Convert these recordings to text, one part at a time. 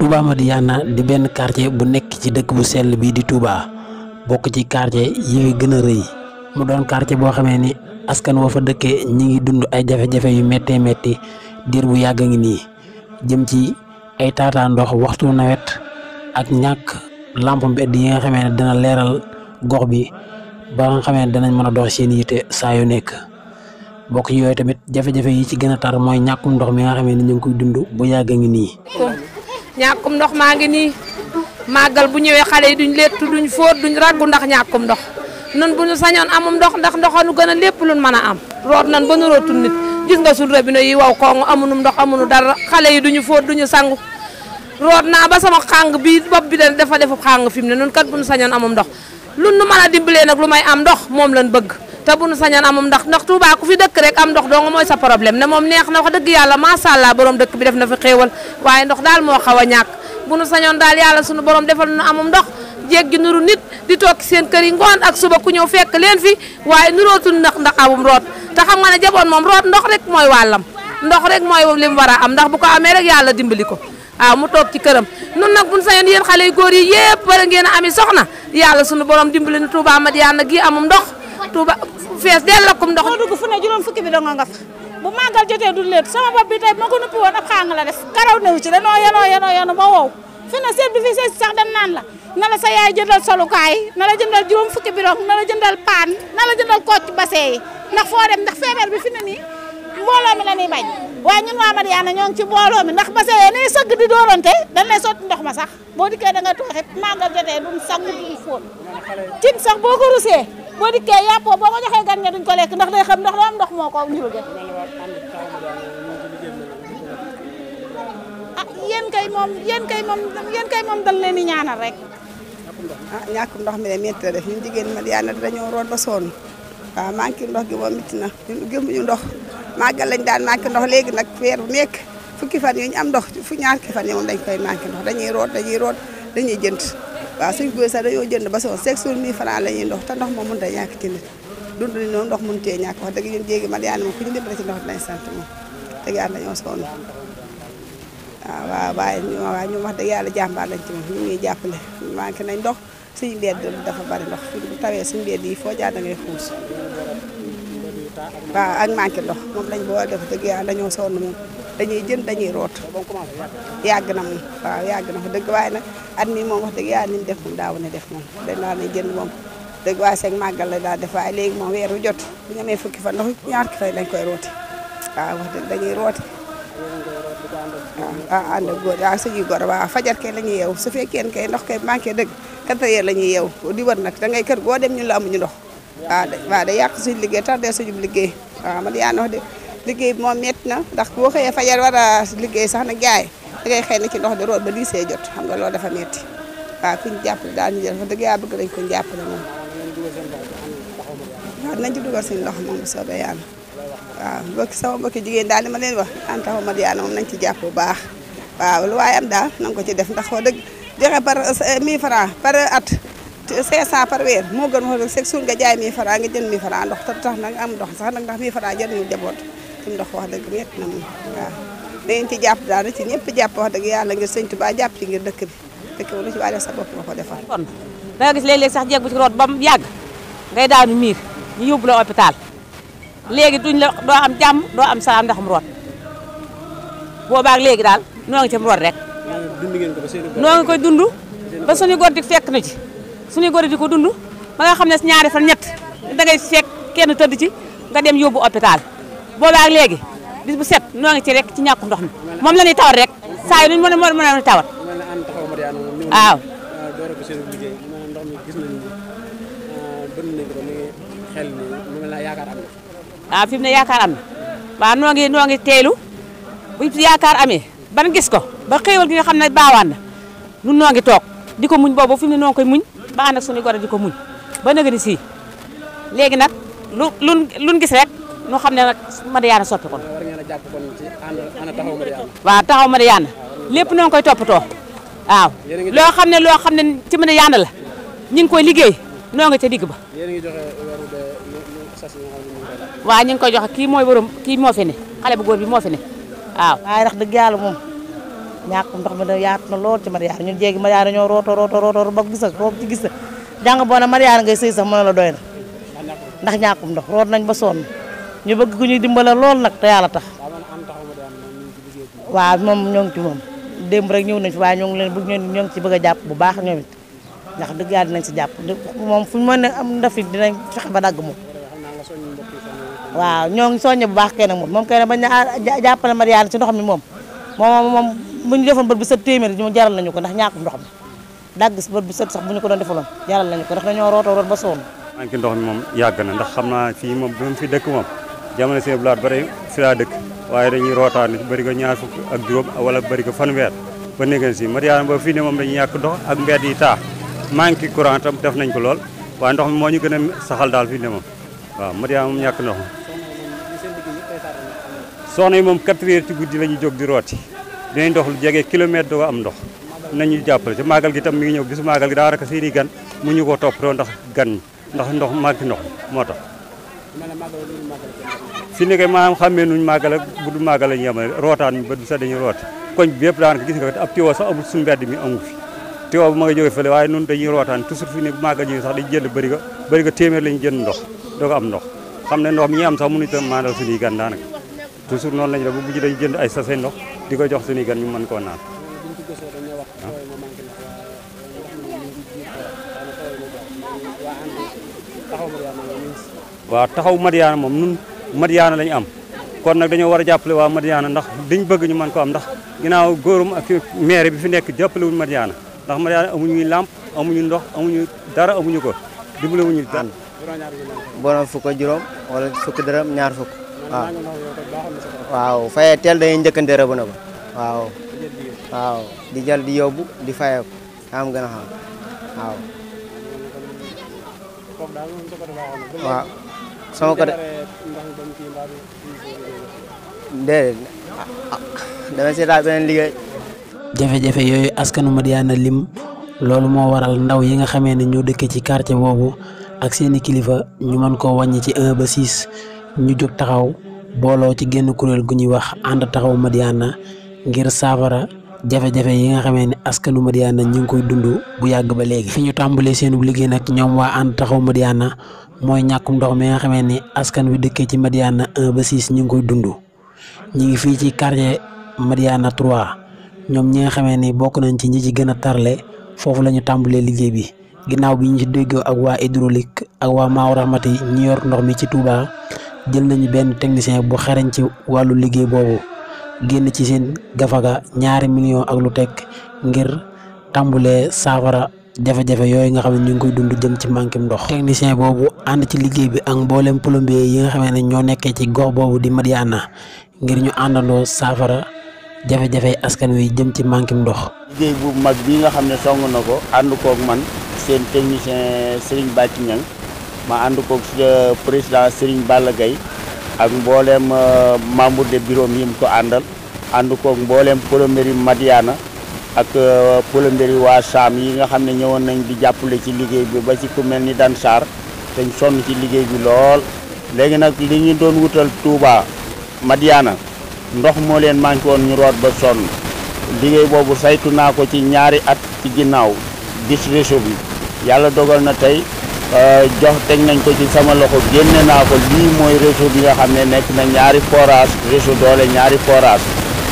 Touba Madiana di ben quartier bu nek ci dëkk bu sel bi di Touba bok ci quartier yi gën a mu doon quartier bo xamé ni askan woo fa dëkke ñi ngi dund ay jafé jafé yu méttee metti dir bu yag ngi ni jëm ci ay tata ndox waxtu nawet ak ñak lamp mbedd yi nga xamé dana leral gox bi ba nga xamé dana mëna dox seen yité sa yu nek bokk yooyu tamit jafe-jafe yi ci gën a tar mooy ñàkkum ndox mi nga xamee ni ñu ngi koy dund bu yàgg ngi nii. ñàkkum ndox maa ngi nii màggal bu ñëwee xale yi duñ lettu duñ fóot duñ raggu ndax ñàkkum ndox nun bu ñu sañoon amum ndox ndax ndoxanu gën a lépp luñ mën a am root nan ba nu rootul nit gis nga suñu robinet yi waw koŋŋ amuñu ndox amuñu dara xale yi duñu fóot duñu sangu. rot na ba sama kang bi bop bi dañ dafa defu kang fim ne nun kat buñu sañan amum ndox lu nu mala a nak nag lu may am ndox mom lañ bëgg ta buñu sañan amum ndox ndox Touba ku fi dëkk rek am ndox dong moy sa problème ne mom neex na wax dëgg sha Allah borom dëkk bi def na fi xéewal waye ndox dal mo xawa ñak buñu sañon dal Yalla suñu borom defal nu amum ndox jéeg gi nuru nit di tok seen kër yi ak suba ku ñew fekk leen fi waaye tun ndax ndax amum rot ta xam nga ne jabon mom rot ndox rek moy walam ndox rek moy lim wara am ndax bu ko amé rek Yalla dimbali ko waaw mu toog ci këram nun na buñ sañoon yéen xale yu góor yi yëpp war ngeen a ami soxna yàlla sunu borom dimbali nu Touba Madiyana gi amum ndox Touba fees deel lakkum ndox. dugg fu ne juróom fukki bi dongo nga fa bu màggal jotee du leet sama bopp bi tey ma ko nuppi woon ab xaang la def karaw newu ci danoo yenoo yenoo yenoo ba wow fi ne bi fi seet sax dan naan la na la sa yaay jëndal solukaay na la jëndal juróom fukki bi dong na la jëndal paan na la jëndal kocc basee yi ndax foo ndax feebar mbolo mi lañuy ñuy bañ waaye ñun wa Madiyana ñoo ngi ci mbolo mi ndax ba sey yéen ay sëgg di doronté dañ lay sotti ndox ma sax bo diké da nga tooxee màggal jété duñ sang duñ fóon tim sax boko rusé bo diké dikkee yàppoo boo ko joxee gan nga duñ ko lek ndax day xam ndox la am ndox moko ñu njuruge ah kay mom yéen kay mom yéen kay mom dal leen ñaanal rek ah ñak ndox mi de def ñun jigéen Madiyana dañu ron ba son waaw ah, manki ndox gi mo mitina ñu gëm ñu ndox màggal lañ daan manqué ndox léegi nag weer bu nekk fukki fan yi ñu am ndox fu ñaar fukki fan yi moom dañ koy manqué ndox dañuy root dañuy root dañuy jënd waaw suñ góor sax dañoo jënd ba soon cinq cent mille francs la ñuy ndox te ndox moom mënut a ñàkk ci nit dund li noonu ndox mënutee ñàkk wax dëgg ñun jéegi man yaani moom ku ñu dimbale ci ndox dinañ sant moom dëgg yàlla dañoo sonn waaw waaw waaye ñu waaw ñu wax dëgg yàlla jàmbaar lañ ci moom ñu ngi jàppale manqué nañ ndox suñu mbedd dafa bari ndox bu tawee suñu mbedd yi foo jaar da ngay xuus waaw ak manqué ndox moom lañ boo def dëgg yàlla dañoo sonn moom dañuy jën dañuy root yàgg na moom waaw yàgg na fa dëgg waaye nag at mi moom wax dëgg yàlla ni mu def moom daaw ne def moom dañ naa ne jën moom dëgg waaye seeg màggal la daal def waaye léegi moom weer wu jot bu ñu amee fukki fan ndax ñaar ki fay lañ koy rooti waaw wax dëgg dañuy rooti waaw ah, ànd ak góor waaw ah, suñuy góor waaw fajar kay la ñuy yeew su fekkee kay ndox kay manqué dëgg quatre heures la ñuy yeew di wër nag da ngay kër goo dem ñu la amuñu ndox waaw waaw day yàq suñu liggéey tardé suñu liggéey waaw Madiyana wax dëgg liggéey moom métti na ndax boo xëyee fajar war a liggéey sax nag jaay dangay xëy na ci ndox di root ba liisee jot xam nga loolu dafa métti waaw ku jàpp jàppale daal dëgg yàlla bëgg nañ ko jàppale moom. waaw nañ ci dugal seen loxo moom bu soobee yàlla waaw mbokki sama mbokki jigéen daal li ma leen wax en tant que moom nañ ci jàpp bu baax waaw lu waaye daal na ko ci def ndax wax dëgg joxe par 1000 euh, francs par at. 500 par weer moo gën wax rek chaque jour nga jaay 1000 francs nga jënd 1000 francs ndox te tax nag am ndox sax nag ndax 1000 francs jënd ñu jaboot ci ndox wax dëgg métti na moom waaw dangeen ci jàpp daal ci ñëpp jàpp wax dëgg yàlla ngir sëñ Tuubaa jàpp ci ngir dëkk bi dëkk bi lu ci waa def sa bopp nga ko defal kon da nga gis léeg-léeg sax jeeg bu ci root ba mu yàgg ngay daanu miir ñu yóbbu la hôpital léegi duñ la doo am jàmm doo am salaam ndax mu root boobaag léegi daal noo ngi ci mu root rek noo ngi koy dund ba suñu góor di fekk na ci suñu gori di ko dund ba nga xamne ñaari fan ñet da ngay sék kenn teud ci nga dem yobbu hôpital ba ak légui bis bu set no nga ci rek ci ñàkk ndox Ah, moom la ni tawat rek ndox ah, gis nañu euh mën Ah, tawat waaw xel ni mu ne yaakar am na ba no ngi no ngi teelu bu yaakar amé ban gis ko ba xéewal gi nga xamne ne na nun noo ngi di muñ bobu fi mu ne koy muñ ba ànd ak suñu goro di ko muñ ba nëgëni sii léegi nag lu lu luñ gis rek ñu xam ne nag Madiyana soppi kon waaw taxaw Madiyana lépp noo ngi koy toppatoo waaw loo xam ne loo xam ne ci Madiyana la ñu ngi koy liggéey noo nga ca digg ba waaw ñu ngi koy jox kii mooy borom kii moo fi ne xale bu góor bi moo fi ne waaw waaye wax dëgg yàlla moom ñak ndox mi da yaat na lool ci mariage ñu jéegi mariage ñoo roto roto roto ba gis ak roob ci gis jang bo na mariage ngay sey sax mo la doyna ndax ñakum ndox root nañ ba son ñu bëgg ku ñu dimbale lool nak ta yalla tax wa mom ñong ci mom dem rek ñew nañ ci wa ñong leen bëgg ñoo ñong ci bëgg japp bu baax ñoom ndax dëgg yaal nañ ci japp mom fu mo ne am ndafit dinañ fex ba dag moom wa ñong ngi bu baax kenn moom mom kenn ba ñaar jàppale mariage ci ndox mi mom mom mom bu ñu defoon bët bu set téeméer jaral nañu ko ndax ñaakum ndox mi sax bu ñu ko doon defaloon jaral nañu ko ndax dañoo rootoo moom yàgg na ndax xam naa fii moom bi fi dëkk moom jamono seen blaat bari fi laa dëkk waaye dañuy rootaan bëri ko ñaar fukk ak juróom wala bëri ko fanweer ba si mariyaana ba fii ne moom dañuy ñàkk ndox ak mbedd yi taa manque courant tam def nañ ko lool waaye ndox mi moo ñu gën a saxal daal fii ne moom waaw mariyaana moom ñàkk ndox mi soxna yi moom 4 heures ci guddi la ñuy jóg di rooti dinañ ndox lu jege kilomètre doo am ndox nañu jàppale te màggal gi tam mi ngi ñëw bisu màggal gi daanaka seen i gan mu ñu ko topp ndax gan ñi ndax ndox màgg ndox moo tax fi nekkee maanaam xammee nuñ màggal ak bu du màggal lañu yemale rootaan mi ba du sax dañuy root koñ bi yëpp daanaka gis nga ab tiwoo sax amul suñu mbedd mi amu fi tiwoo bu ma nga waaye nun dañuy rootaan toujours fi ne màggal ñu sax dañ jënd bëri ga bëri ga téeméer lañu jënd ndox doo am ndox xam ne ndox mi ñuy am sax mënuñu tam maandal suñuy gan daanaka toujours noonu lañu def bu mujj dañu jënd ay sase ndox di jox suñu gan ñu mën ko naan. wa taxaw madiana mom nun madiana lañ am kon nak dañu wara jappelé wa madiana ndax diñ bëgg ñu mën ko am ndax ginaaw góorum ak maire bi fi nekk jappelé wuñ madiana ndax Madiyana lamp làmp amuñu ndox amuñu dara amuñu ko dimbale wuñu tan borom fuk juroom wala fuk dërëm ñaar fuk waaw waaw fayeteel dañu ñëkënde rebu na ko waaw waaw di jël di yobbu di fayé ko am gëna xam waaw sama ko de déedéet ci seetaa beneen liggéey jafé jafé yoy askanu Madiyana lim lolu mo waral ndaw yi nga xamé ni ñu dëkk ci quartier bobu ak seeni kilifa ñu mën ko wañi ci 1 ba 6 ñu jog taxaw booloo ci génn kuréel gu ñuy wax ànd taxawu Madiyana ngir saafara jafe-jafe yi nga xamee ne askanu Madiyana ñu ngi koy dund bu yàgg ba léegi fi ñu tàmbalee seenub liggéey nag ñoom waa ànd taxawu Madiyana mooy ñàkkum ndox mi nga xamee ni askan wi dëkkee ci Madiyana 1 ba ñu ngi koy dund ñu ngi fii ci quartier Madiyana 3 ñoom ñi nga xamee ni bokk nañ ci ñi ci gën a tarle foofu la ñu tàmbalee liggéey bi ginnaaw bi ñu ci déggoo ak waa hydraulique ak waa Maaw Rahmati ñi yor ndox mi ci Touba jël nañu benn technicien bu xarañ ci wàllu liggéey boobu génn ci seen gafaga ñaari million ak lu teg ngir tàmbulee saafara jafe-jafe yooyu nga xam ne ñu ngi koy dund jëm ci manque ndox technicien boobu ànd ci liggéey bi ak mboolem plombier yi nga ne ñoo nekkee ci gox boobu di Madiyana ngir ñu àndandoo saafara jafe-jafe askan wi jëm ci manque ndox liggéey bu mag bi nga xam ne song na ko ànd koog man seen technicien Serigne Bàcci Ñang ma ànd ko euh, président Serigne Balla Gaye ak mbooleem euh, membre de bureau mi mu ko àndal ànd koog mbooleem plomberie Madiana ak euh, plomberie waa Saam yi nga xam ne ñëwoon nañ di jàppale ci liggéey bi ba ci ku mel ni Dansar te ñu sonn ci liggéey bi lool léegi nag li ñu doon wutal Touba Madiana ndox moo leen manqué woon ñu root ba sonn liggéey boobu saytu naa ko ci ñaari at ci ginnaaw gis réseau bi yàlla dogal na tey Euh, jox teg nañ ko ci sama loxo génne naa ko lii mooy réseau bi nga xam ne nekk na ñaari forage réseau doole ñaari forage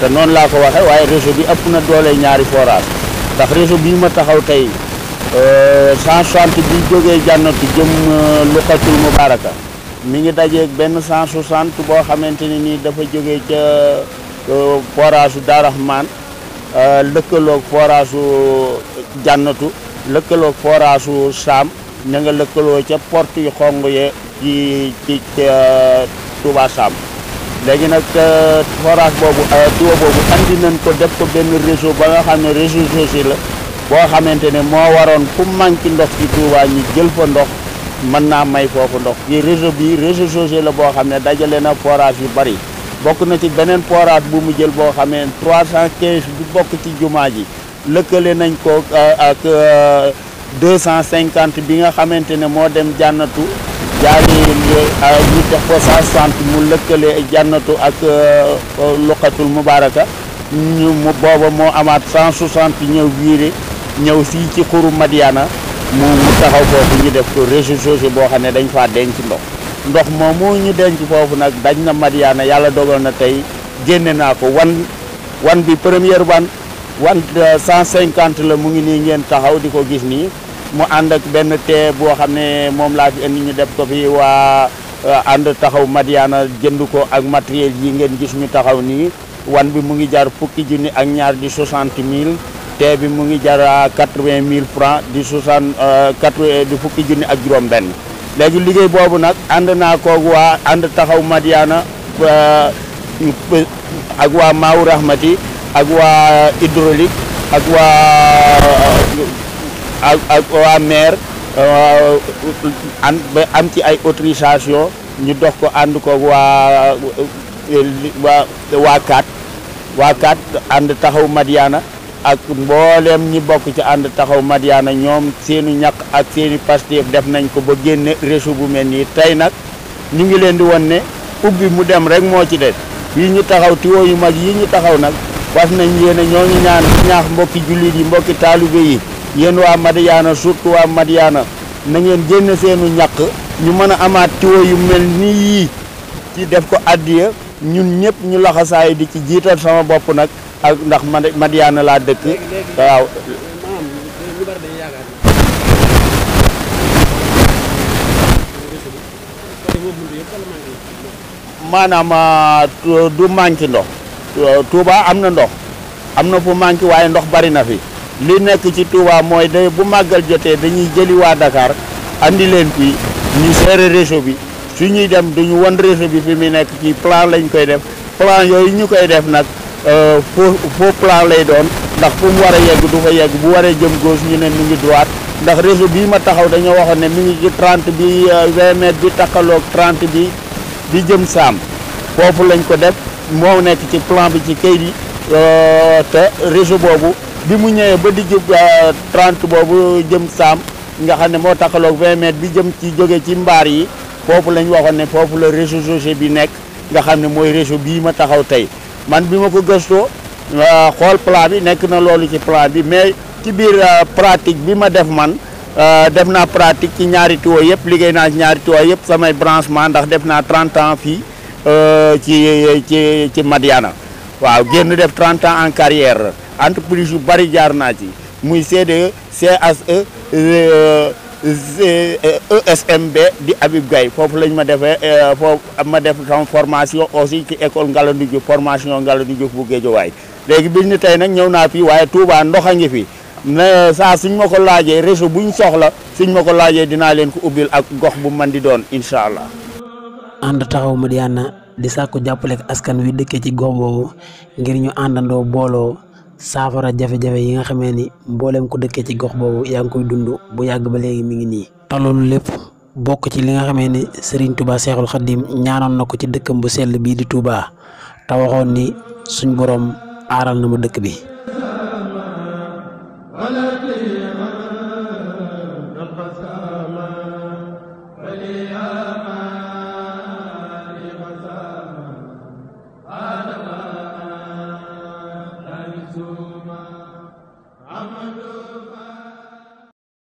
te noonu laa ko waxee waaye réseau bi ëpp na doole ñaari forage ndax réseau bii ma taxaw tey 160 euh, bi jógee jànnatu jëm euh, Luqatul Mubaraka mu ngi dajeeg benn 160 boo xamante ne nii dafa jógee ca forage su Darahman lëkkaloog forage su jànnatu lëkkaloog forage su Saam ña nga lëkkaloo ca porte yu xong ye ci ci euh, Touba Sam léegi nag euh, forage boobu tuwa euh, boobu andi nañ ko def ko benn réseau ba nga xam ne réseau sociaux la boo xamante ne moo waroon fu manqué ndox ci Touba ñi jël fa ndox mën naa may foofu ndox ci réseau bi réseau sociaux la boo xam ne dajalee na forage yu bari bokk na ci beneen forage bu mu jël boo xamee 315 bi bokk ci jumaa ji lëkkalee nañ ko deux cent cinquante bi nga xamante ne moo dem jànnatu jaaree euh, ñu mu lëkkale jànnatu ak euh, euh, luqatul mubaaraka ñu mu booba moo amaat cent soixante ñëw wiire ñëw fii ci xuru Madiana mu mu taxaw foofu ñu def ko réseau sociaux boo xam ne dañ faa denc ndox ndox moomu ñu denc foofu nag dañ na Madiana yàlla dogal na tey génne naa ko wan wan bi première wan wante uh, 150 la mu ngi nii ngeen taxaw di ko gis nii mu ànd ak benn tee boo xam ne moom laa fi indi ñu def ko fi waa uh, ànd taxaw Madiana jënd ko ak matériel yi ngeen gis ñu taxaw nii wan bi mu ngi jar fukki junni ak ñaar di 60 mille tee bi mu ngi jar 80 uh, francs di 60 80 di fukki junni ak juróom benn léegi liggéey boobu nag ànd naa koog waa ànd taxaw Madiana ak waa Maawu Rahmati ak waa hydraulique ak waa ak ak waa maire am ci ay autorisation ñu dox ko ànd ko waa waa waa kaat waa kaat ànd taxaw Madiana ak mbooleem ñi bokk ci ànd taxaw Madiana ñoom seeni ñàkk ak seeni Pastef def nañ ko ba génne réseau bu mel nii tey nag ñu ngi leen di won ne ubbi mu dem rek moo ci des yi ñu taxaw tiwo yu mag yi ñu taxaw nag fas nañ yéen a ñoo ngi ñaan ñaax mbokki jullit yi mbokki taalibe yi yéen waa Madiana surtout waa Madiana na génn seenu ñàq ñu mën a amaat tiwo yu mel nii yii ci def ko addiya ñun ñëpp ñu laxasaay di ci jiital sama bopp nag ak ndax Madiana laa dëkk waaw maanaam euh, du manque Euh, Touba am na ndox am na fu manqué waaye ndox bari na fi li nekk ci Touba mooy day bu màggal jotee dañuy jëli waa Dakar andi leen fii ñu seere réseau bi su ñuy dem duñu won réseau bi fi mu nekk ci plan lañ koy def plan yooyu ñu koy def nag faux euh, faux plan ndax fu war a yegg du fa yegg bu waree jëm gauche ñu ne mi ngi droite ndax réseau bii ma taxaw dañoo waxoon ne mi ngi ci 30 bi 20 euh, bi takkaloog 30 bi di jëm saam foofu lañ ko def moo nekk ci plan bi ci kayit yi euh, te réseau boobu bi mu ñëwee ba digg 30 euh, boobu jëm saam nga xam ne moo taxaloog 20 mètres bi jëm ci jóge ci mbaar yi foofu lañ waxoon ne foofu la réseau socié bi nekk nga xam ne mooy réseau bii ma taxaw tey man bi ma ko gëstoo xool plan bi nekk na loolu ci plan bi mais ci euh, pratique def man def pratique ci ñaari ci ñaari samay branchement ndax def 30 ans Euh, ci ci ci Madiana waaw génn def 30 ans en carrière entreprise yu bari jaar naa ci muy CDE CSE ESMB euh, euh, e di Habib Gaye foofu lañ ma defee foofu ma def sama formation aussi ci école Ngalandou Diouf formation Ngalandou Diouf bu waay léegi biñ ne tey nag ñëw naa fi waaye Touba ndox a ngi fi na saa suñ ma ko laajee réseau buñ soxla suñ ma ko laajee dinaa leen ko ubbil ak gox bu man di doon incha allah ànd taxawu Madiyana di sàkku jàppaleek askan wi dëkkee ci gox boobu ngir ñu àndandoo booloo saafara jafe-jafe yi nga xamee ni mbooleem ku dëkkee ci gox boobu yaa ngi koy dund bu yàgg ba léegi mi ngi nii te lépp bokk ci li nga xamee ni sëriñ Touba Seexul Xaddim ñaanoon na ko ci dëkkam bu sell bii di Touba te waxoon ni suñ boroom aaral na ma dëkk bi